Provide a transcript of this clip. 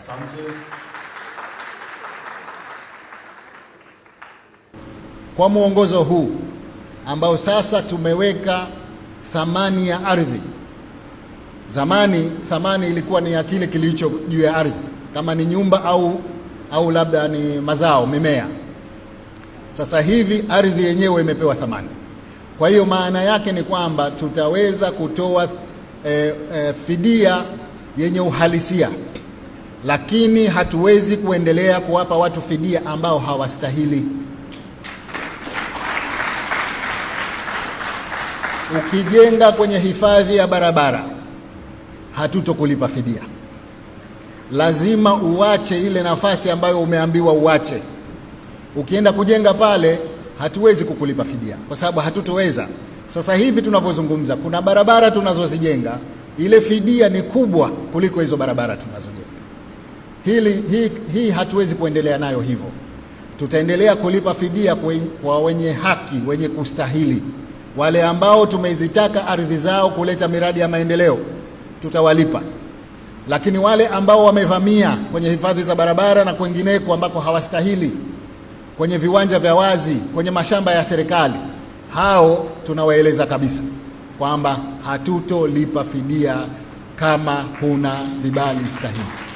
Asante. Kwa mwongozo huu ambao sasa tumeweka thamani ya ardhi. Zamani thamani ilikuwa ni ya kile kilicho juu ya ardhi, kama ni nyumba au, au labda ni mazao, mimea. Sasa hivi ardhi yenyewe imepewa thamani. Kwa hiyo maana yake ni kwamba tutaweza kutoa e, e, fidia yenye uhalisia lakini hatuwezi kuendelea kuwapa watu fidia ambao hawastahili. Ukijenga kwenye hifadhi ya barabara, hatutokulipa fidia. Lazima uwache ile nafasi ambayo umeambiwa uwache. Ukienda kujenga pale, hatuwezi kukulipa fidia kwa sababu hatutoweza. Sasa hivi tunavyozungumza, kuna barabara tunazozijenga, ile fidia ni kubwa kuliko hizo barabara tunazojenga. Hili, hii, hii hatuwezi kuendelea nayo hivyo. Tutaendelea kulipa fidia kwa wenye haki, wenye kustahili, wale ambao tumezitaka ardhi zao kuleta miradi ya maendeleo, tutawalipa. Lakini wale ambao wamevamia kwenye hifadhi za barabara na kwengineko ambako hawastahili, kwenye viwanja vya wazi, kwenye mashamba ya serikali, hao tunawaeleza kabisa kwamba hatutolipa fidia kama huna vibali stahili.